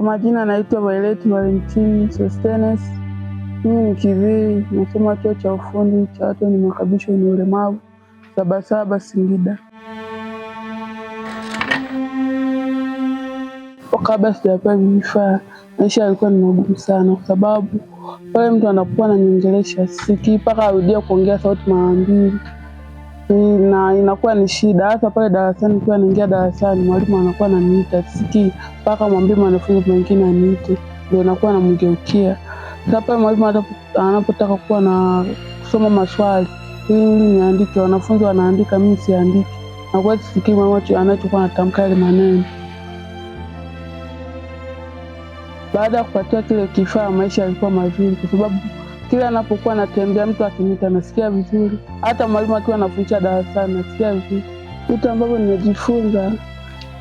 Kwa majina anaitwa Violet Valentine Sostenes. Mimi ni kivii, nasoma chuo cha ufundi cha watu wenye makabisho yenye ulemavu Sabasaba Singida. Kabla sijapewa vifaa, maisha yalikuwa ni magumu sana, kwa sababu pale mtu anapokuwa ananiongelesha sikii mpaka arudia kuongea sauti mara mbili na inakuwa ni shida. Hata pale darasani kiwa naingia darasani, mwalimu anakuwa ananiita sikii, mpaka mwambie mwanafunzi mwingine aniite, ndio nakuwa namgeukia. Sasa pale mwalimu anapotaka kuwa na kusoma maswali ili niandike, wanafunzi wanaandika, mimi siandiki, nakuwa sisikii mamacho anachokuwa anatamka yale maneno. Baada ya kupatiwa kile kifaa, maisha yalikuwa mazuri kwa sababu kila anapokuwa anatembea mtu akinita nasikia vizuri, hata mwalimu akiwa anafundisha darasani nasikia vizuri vitu ambavyo nimejifunza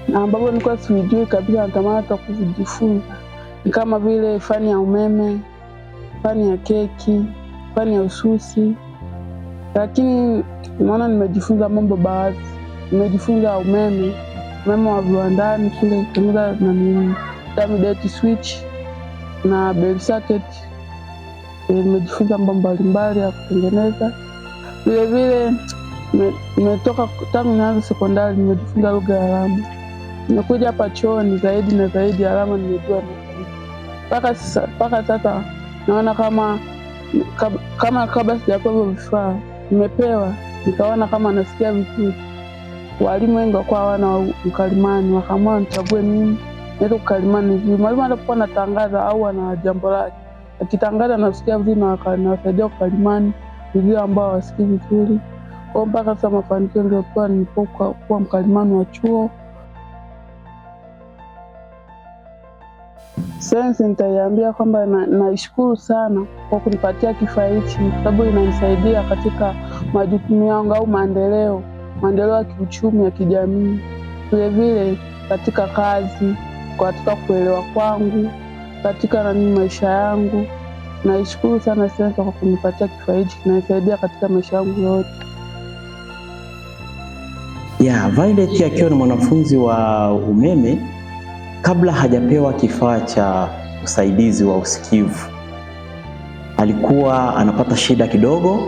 na ambavyo nilikuwa sivijui kabisa, natamani hata kuvijifunza. Ni kama vile fani ya umeme, fani ya keki, fani ya ususi, lakini maana nimejifunza mambo baadhi. Nimejifunza umeme, umeme wa viwandani kule kutengeneza na ni dati switch na bell socket nimejifunza mambo mbalimbali ya kutengeneza. Vilevile nimetoka tangu nianze sekondari, nimejifunza lugha ya alama. Nimekuja hapa chooni, zaidi na zaidi alama nimejua mpaka sasa. Mpaka sasa naona kama kama kabla sijapewa hivyo vifaa, nimepewa nikaona kama nasikia vizuri. Walimu wengi wakuwa hawana mkalimani, wakaamua nichague mimi naweza kukalimani vizuri. Mwalimu anapokuwa anatangaza au ana jambo lake akitangaza nasikia vizuri na kwa imani vijio ambao wasikii vizuri kwao. Mpaka sasa mafanikio niliyopewa nilipokuwa kuwa mkalimani wa chuo. Sensi nitaiambia kwamba naishukuru na sana kwa kunipatia kifaa hichi, sababu inanisaidia katika majukumu yangu au maendeleo maendeleo ya kiuchumi, ya kijamii, vilevile katika kazi, katika kuelewa kwangu katika nami maisha yangu. Naishukuru sana Sensa kwa kunipatia kifaa hichi, kinanisaidia katika maisha yangu yote. Yeah, Violet akiwa ni mwanafunzi wa umeme kabla hajapewa kifaa cha usaidizi wa usikivu alikuwa anapata shida kidogo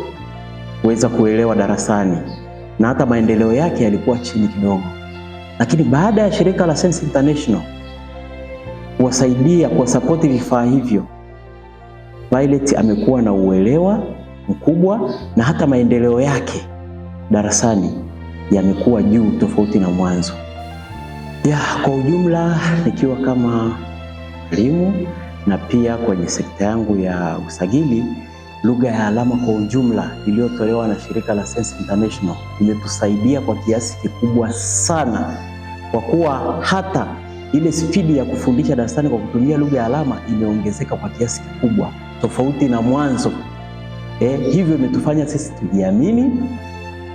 kuweza kuelewa darasani na hata maendeleo yake yalikuwa chini kidogo, lakini baada ya shirika la Sense International kuwasaidia kuwasapoti vifaa hivyo. Violet amekuwa na uelewa mkubwa na hata maendeleo yake darasani yamekuwa juu tofauti na mwanzo. Ya, kwa ujumla nikiwa kama mwalimu na pia kwenye sekta yangu ya usajili, lugha ya alama kwa ujumla iliyotolewa na shirika la Sense International imetusaidia kwa kiasi kikubwa sana, kwa kuwa hata ile spidi ya kufundisha darasani kwa kutumia lugha ya alama imeongezeka kwa kiasi kikubwa tofauti na mwanzo. Eh, hivyo imetufanya sisi tujiamini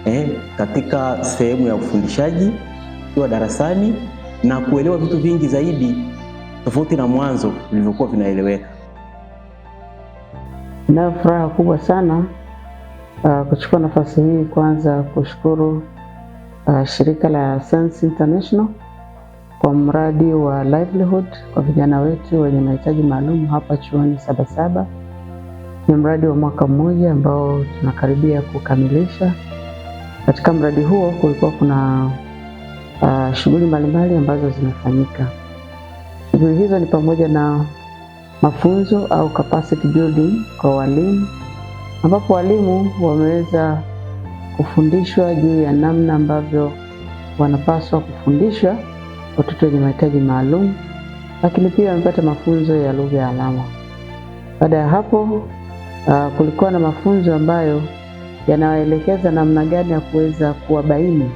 eh, katika sehemu ya ufundishaji wa darasani na kuelewa vitu vingi zaidi tofauti na mwanzo vilivyokuwa vinaeleweka. Ninayo furaha kubwa sana uh, kuchukua nafasi hii kwanza kushukuru uh, shirika la Sense International kwa mradi wa livelihood kwa vijana wetu wenye mahitaji maalum hapa chuoni Sabasaba. Ni mradi wa mwaka mmoja ambao tunakaribia kukamilisha. Katika mradi huo kulikuwa kuna uh, shughuli mbalimbali ambazo zimefanyika. Shughuli hizo ni pamoja na mafunzo au capacity building kwa walimu, ambapo walimu wameweza kufundishwa juu ya namna ambavyo wanapaswa kufundisha watoto wenye mahitaji maalum, lakini pia wamepata mafunzo ya lugha ya alama. Baada ya hapo, uh, kulikuwa na mafunzo ambayo yanawaelekeza namna gani ya kuweza kuwabaini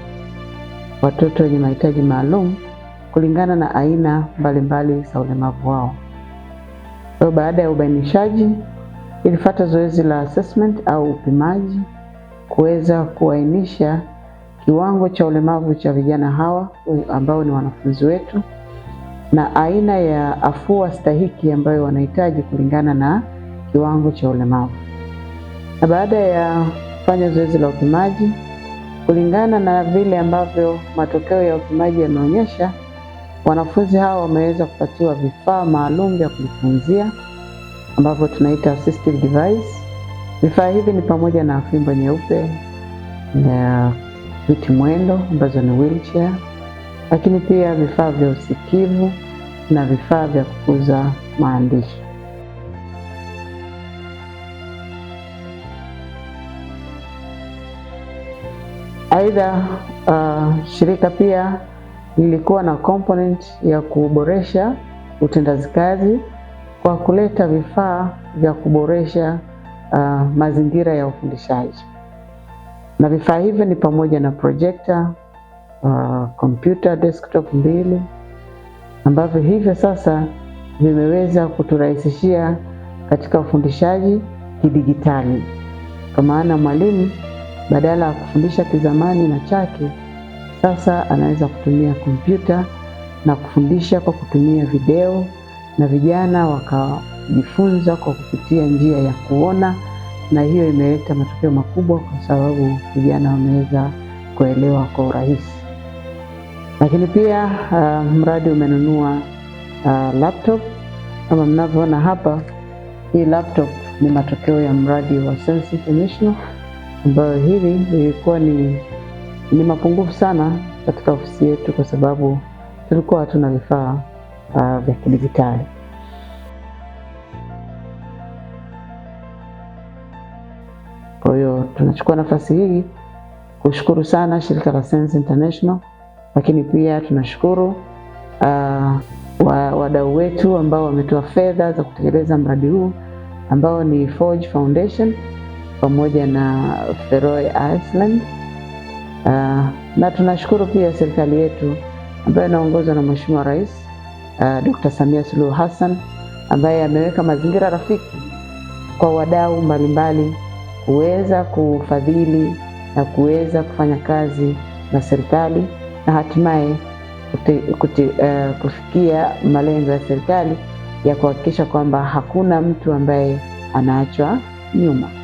watoto wenye mahitaji maalum kulingana na aina mbalimbali za ulemavu wao. Kwa hiyo baada ya ubainishaji ilifata zoezi la assessment au upimaji kuweza kuainisha kiwango cha ulemavu cha vijana hawa ambao ni wanafunzi wetu na aina ya afua stahiki ambayo wanahitaji kulingana na kiwango cha ulemavu. Na baada ya kufanya zoezi la upimaji, kulingana na vile ambavyo matokeo ya upimaji yameonyesha, wanafunzi hawa wameweza kupatiwa vifaa maalum vya kujifunzia ambavyo tunaita assistive device. Vifaa hivi ni pamoja na fimbo nyeupe na viti mwendo ambazo ni wheelchair, lakini pia vifaa vya usikivu na vifaa vya kukuza maandishi. Aidha, uh, shirika pia lilikuwa na component ya kuboresha utendaji kazi kwa kuleta vifaa vya kuboresha uh, mazingira ya ufundishaji na vifaa hivyo ni pamoja na projekta, kompyuta uh, desktop mbili ambavyo hivyo sasa vimeweza kuturahisishia katika ufundishaji kidigitali, kwa maana mwalimu badala ya kufundisha kizamani na chaki, sasa anaweza kutumia kompyuta na kufundisha kwa kutumia video, na vijana wakajifunza kwa kupitia njia ya kuona na hiyo imeleta matokeo makubwa, kwa sababu vijana wameweza kuelewa kwa urahisi. Lakini pia uh, mradi umenunua uh, laptop kama mnavyoona hapa. Hii laptop ni matokeo ya mradi wa Sense International, ambayo hili lilikuwa ni, ni mapungufu sana katika ofisi yetu, kwa sababu tulikuwa hatuna vifaa uh, vya kidijitali. Kwa hiyo tunachukua nafasi hii kushukuru sana shirika la Sense International, lakini pia tunashukuru uh, wadau wetu ambao wametoa fedha za kutekeleza mradi huu ambao ni Forge Foundation pamoja na Feroe Iceland. Uh, na tunashukuru pia serikali yetu ambayo inaongozwa na Mheshimiwa Rais uh, Dr. Samia Suluhu Hassan ambaye ameweka mazingira rafiki kwa wadau mbalimbali kuweza kufadhili na kuweza kufanya kazi na serikali na hatimaye uh, kufikia malengo ya serikali ya kuhakikisha kwamba hakuna mtu ambaye anaachwa nyuma.